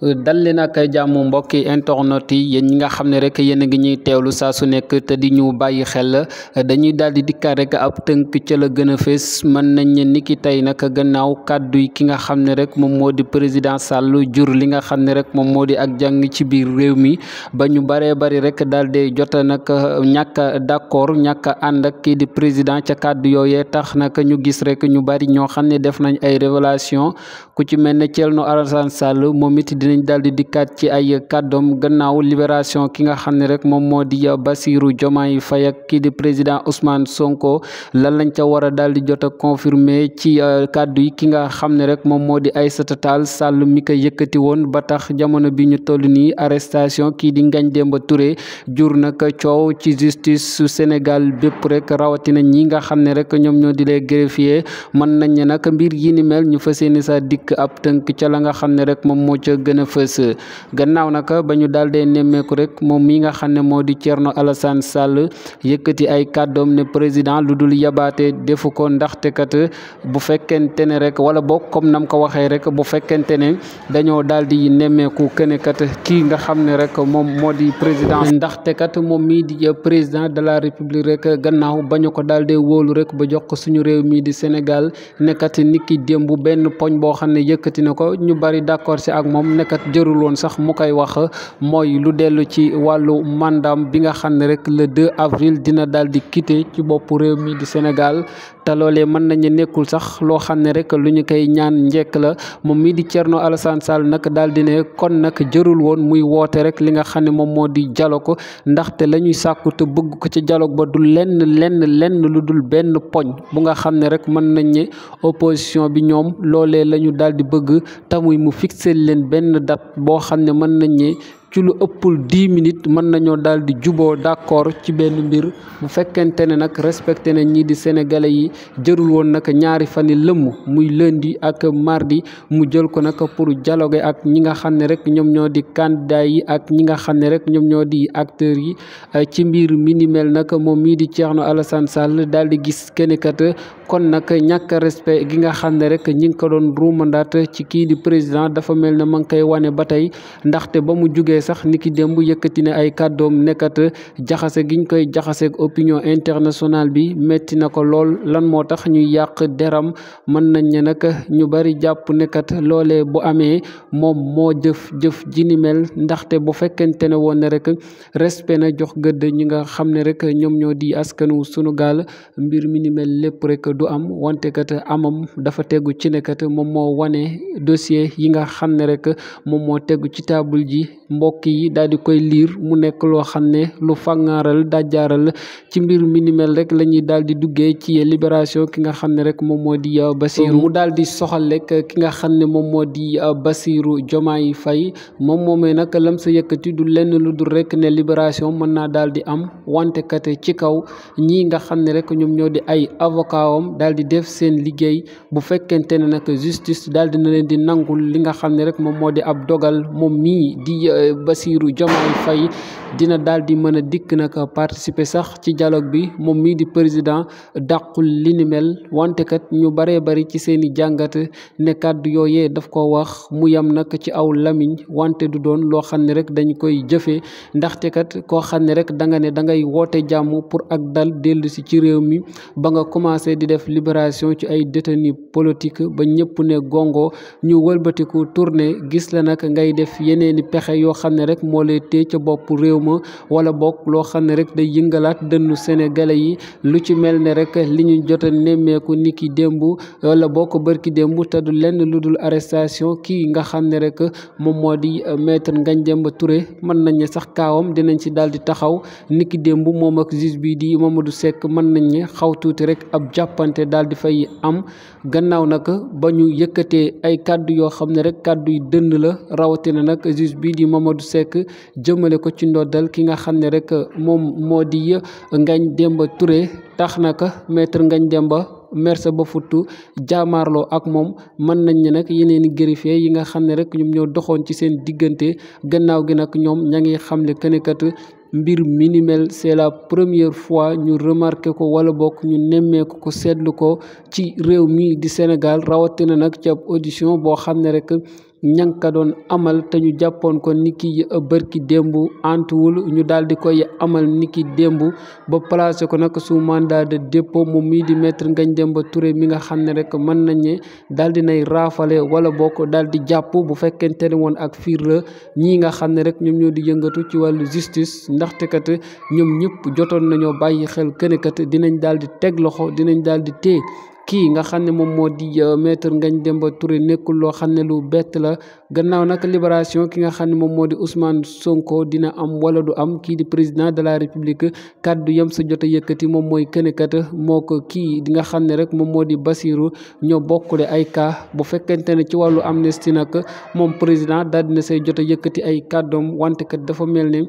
dal leen ak jàmm mbokki internet yi yéen ñi nga xam ne rek yéen a ngi ñuy teewlu saa su nekk te di ñu bàyyi xel dañuy daal di dikkaat rek ab tënk ca la gën a fees mën nañ ne niki tey nag gannaaw kàddu yi ki nga xam ne rek moom moo di président Sall jur li nga xam ne rek moom moo di ak jàng ci biir réew mi ba ñu baree bari rek daal di jot nag ñàkk d'accord ñàkk ànd ak kii di président ca kàddu yee tax nag ñu gis rek ñu bari ñoo xam ne def nañ ay révélation dinañ daal di dikkaat ci ay kàddoom gannaaw libération ki nga xam ne rek moom moo di Bassirou Diomaye Faye ak kii di président Ousmane Sonko lan lañ ca war a daal di jot a confirmer ci euh, kaddu yi ki nga xam ne rek moom moo di ay Tall Sall mi ko yëkkati woon ba tax jamono bi ñu toll nii arrestation kii di Ngagne Demba ture jur nag coow ci justice su Sénégal bépp rek rawatina ñi nga xam ne rek ñoom ñoo di lee greffier mën nañ ne mbir yi mel ñu fas yéene sa dikk ab a gannaaw nag ba ñu daal dee nemmeeku rek moom mii nga xam ne moo di Thierno Alassane Sall yëkkati ay kàddoom ne président lu dul yabaate defu ko ndaxte kat bu fekkente ne rek wala boog comme nam ko waxee rek bu fekkente ne dañoo daal di nemmeeku kene kat kii nga xam ne rek moom moo di président ndaxte kat moom mii di président de la république rek gannaaw ba ñu ko daal dee wóolu rek ba jox ko suñu réew mii di Sénégal nekkat niki démb benn poñ boo xam kat jërul woon sax mu koy wax mooy lu dellu ci wàllu mandaam bi nga xam ne rek la 2 avril dina daal di quitté ci bopp réew mi di Sénégal te loolee mën nañu nekkul sax loo xam ne rek lu ñu koy ñaan njekk la moom mii di Thierno Alassane Sall nag daal di ne kon nag jërul woon muy woote rek li nga xam ne moom moo di jaloo ko ndaxte la ñuy sàkku te bëgg ko ci dialogue ba du lenn lenn lenn lu dul benn poñ bu nga xam ne rek mën nañ ne opposition bi ñoom loolee la ñu daal di bëgg tamuy mu fixé leen benn date boo xam ne mën nañ ci lu ëppul dix minutes mën nañoo daal di juboo d'accord ci benn mbir bu fekkente ne nag respecté na ñii di sénégalais yi jërul woon nag ñaari fan yi lëmm muy lundi ak mardi mu jël ko nag pour jaloge ak ñi nga xam ne rek ñoom ñoo di candidat yi ak ñi nga xam ne rek ñoom ñoo di acteurs yi ci mbir minimel nag moom mii di Thierno Alassane Sall daal di gis kenn kon nag ñàkk respect gi nga xam ne rek ñi ngi ko doon ruumandaat ci kii di président dafa mel ne ma ngi koy wane ba tey ndaxte ba mu jógee sax ni ki démb yëkkati ne ay kàddoom nekkat jaxase giñ koy jaxaseeg opinion internationale bi métti na ko lool lan moo tax ñuy yàq deram mën nañ ne nag ñu bari jàpp nekkat loolee bu amee moom moo jëf jëf ji ni mel ndaxte bu fekkente ne woon ne rek respect na jox gëdd ñi nga xam ne rek ñoom ñoo di askanu sunu gaal mbir mi ni du am wante kat amam dafa tegu ci ne moom moo wane dossier yi nga xam ne rek moom moo tegu ci taabul ji mbokk yi daal di koy liir mu nekk loo xam ne lu fàngaaral dajjaaral ci mbir mi rek la ñuy daal di duggee ci libération ki nga xam ne rek moom moo di uh, Basiru mu daal di soxal rek ki nga xam ne moom moo di uh, Basiru yi Fay moom moomee nag lam sa yëkkati du lenn lu dul rek ne libération mën naa daal di am wante ci kaw ñi nga xam ne rek ñoo yoon daal di def seen liggéey bu fekkente ne nag justice daal na leen di nangul li nga xam ne rek moom moo di ab dogal moom mii di euh, basiiru Diomaye Faye dina daal di mën a dikk nag participer sax ci jaloog bi moom mii di président dàqul li ni mel wante kat ñu baree bari ci seen i jàngat ne kàddu yooye daf ko wax mu yam nag ci aw lamiñ wante du doon loo xam ne rek dañ koy jëfe ndaxte kat koo xam ne rek da nga ne da ngay woote jàmm pour ak dal dellusi ci réew mi def libération ci ay détenus politique ba ñëpp ne gongo ñu wëlbatiku tourné gis la nag ngay def yeneeni pexe yoo xam ne rek moo lay téye ca bopp réew ma wala bokk loo xam ne rek day yëngalaat dënnu sénégalais yi lu ci mel ne rek li ñu jot nemmeeku ni ki démb wala bokk bërki démb te du lenn lu dul arrestation kii nga xam ne rek moom moo di euh, maître Ngagne Demba Touré mën nañ sax kaawam dinañ ci daal di taxaw niki démb moom ak juge bi di Mamadou Seck mën nañ ne xaw tuuti rek ab jàpp jàppante daal di fay am gannaaw nag ba ñu yëkkatee ay kàddu yoo xam ne rek kàddu yu dënd la rawatina nag juge bii di du Seck jëmale ko ci ndoddal ki nga xam ne rek moom moo di ngañ Demba ture tax na nag maître ngañ Demba mersa ba futtu jaamaarloo ak moom mën nañ ne nag yeneen i greffier yi nga xam ne rek ñoom ñoo doxoon ci seen diggante gannaaw gi nag ñoom ña ngi xam ne mbir mi ni mel c'est la première fois ñu remarqué ko wala bokk ñu nemmeeku ko seetlu ko ci réew mi di Sénégal rawatina nag ca audition boo xam ne rek ña ka doon amal te ñu jàppoon ko ni ki bërki démb antuwul ñu daal di koy amal ni ki démb ba placé ko nag sous mandat de dépôt moom mii di maître Ngagne Demba Touré mi nga xam ne rek mën nañ ne daal di nay raafale wala bokk ko daal di jàpp bu fekkente ne woon ak fiir la ñii nga xam ne rek ñoom ñoo di yëngatu ci wàllu justice ndaxte kat ñoom ñëpp jotoon nañoo bàyyi xel këne dinañ daal di teg loxo dinañ daal di téye kii nga xam ne moom moo di euh, ngañ dem ba Touré nekkul loo xam ne lu bett la gannaaw nag libération ki nga xam ne moom moo di Ousmane Sonko dina am wala du am kii di président de la république kaddu yam sa jot a yëkkati moom mooy kënekat moo ko kii di nga xam ne rek moom moo di Bassirou ñoo bokkule ay cas bu fekkente ne ci wàllu amnistie nag moom président daal dina say jot a yëkkati ay kàddoom wante kat dafa mel ne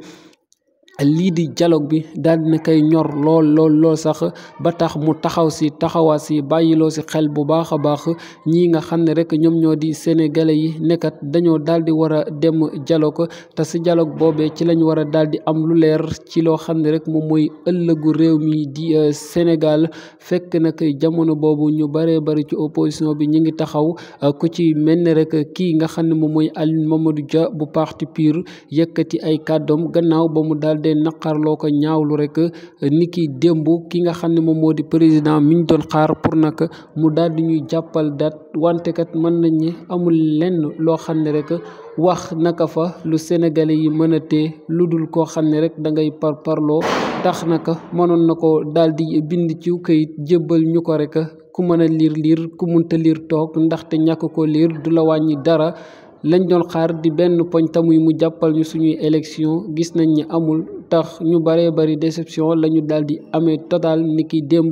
lii di jaloog bi daal dina koy ñor lool lool lool sax ba tax mu taxaw si taxawaat si bàyyiloo si xel bu baax a baax ñii nga xam ne rek ñoom ñoo di sénégalais yi nekkat dañoo daal di war a dem dialogue te si jaloog boobee ci lañ war a daal di am lu leer ci loo xam ne rek moom muy ëllëgu réew mi di euh, Sénégal fekk nag jamono boobu ñu bëree bëri ci opposition bi ñu ngi taxaw euh, ku ci mel ne rek kii nga xam ne moom muy Aliou Mamadou Dia bu parti piir yëkkati ay kàddoom gannaaw ba mu loolee naqarloo ko ñaawlu rek ni ki démb ki nga xam ne moom moo di président mi doon xaar pour nag mu daal di ñuy jàppal dat wante kat mën nañ ne amul lenn loo xam ne rek wax naka fa lu sénégalais yi mën a tee lu dul koo xam ne rek da ngay par parloo tax naka mënoon na ko daal di bind ci kayit jébbal ñu ko rekk ku mën a liir liir ku munta liir toog ndaxte ñàkk ko liir du la wàññi dara lañ doon xaar di benn poñ tamuy mu jàppal ñu suñuy élection gis nañ ni amul tax ñu bëree bëri déception la ñu daal di amee total ni ki démb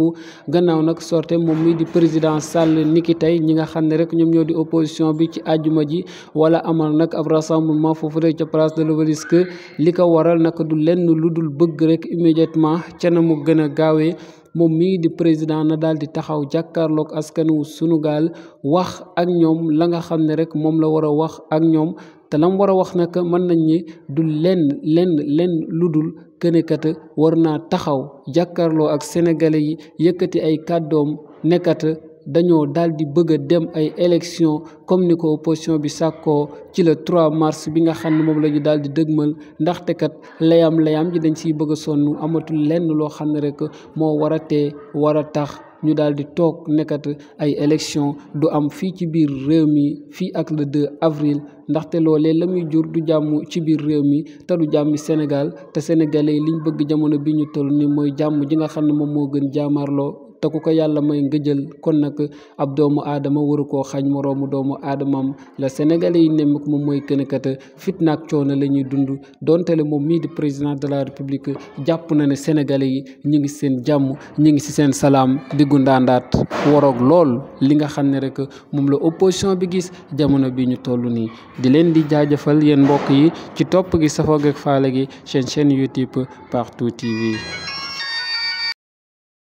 gannaaw nag sorte moom mi di président Sall ni ki tey ñi nga xam ne rek ñoom ñoo di opposition bi ci àjjuma ji wala amal nag ab rassemblement foofu rek ca place de l'Obélisque li ko waral nag du lenn lu dul bëgg rek immédiatement ca na mu gën a gaawee moom mii di président na daal di taxaw jàkkaarloog askanu Sunugaal wax ak ñoom la nga xam ne rek moom la war a wax ak ñoom te lam war a wax nag mën nañ ñi du lenn lenn lenn lu dul kënekat war naa taxaw jàkkarloo ak sénégalais yi yëkkati ay kàddoom nekkat dañoo daal di bëgg dem ay élection comme ni ko opposition bi sàkkoo ci la 3 mars bi nga xam ne moom la ñu daal di dëgmal ndaxte kat layam layam ji dañ siy bëgg a sonn amatul lenn loo xam ne rek moo war a tee war a tax ñu daal di toog nekkat ay élection du am fii ci biir réew mi fii ak le 2 avril ndaxte loolee la muy jur du jàmm ci biir réew mi te du jàmmi Sénégal te sénégalais yi liñ bëgg jamono bi ñu toll ni mooy jàmm ji nga xam ne moom moo gën jàmmarloo te ku ko yàlla may nga jël kon nag ab doomu aadama waru koo xañ moroomu doomu aadamam la sénégalais yi nemmeeku moom mooy kën kat fitna ak coono la ñuy dund doontele moom mii di président de la république jàpp na ne sénégalais yi ñu ngi seen jàmm ñu ngi si seen salaam di gundaandaat waroog lool li nga xam ne rek moom la opposition bi gis jamono bi ñu toll nii di leen di jaajëfal yéen mbokk yi ci topp gi safoog ak faale gi seen chaîne YouTube Partout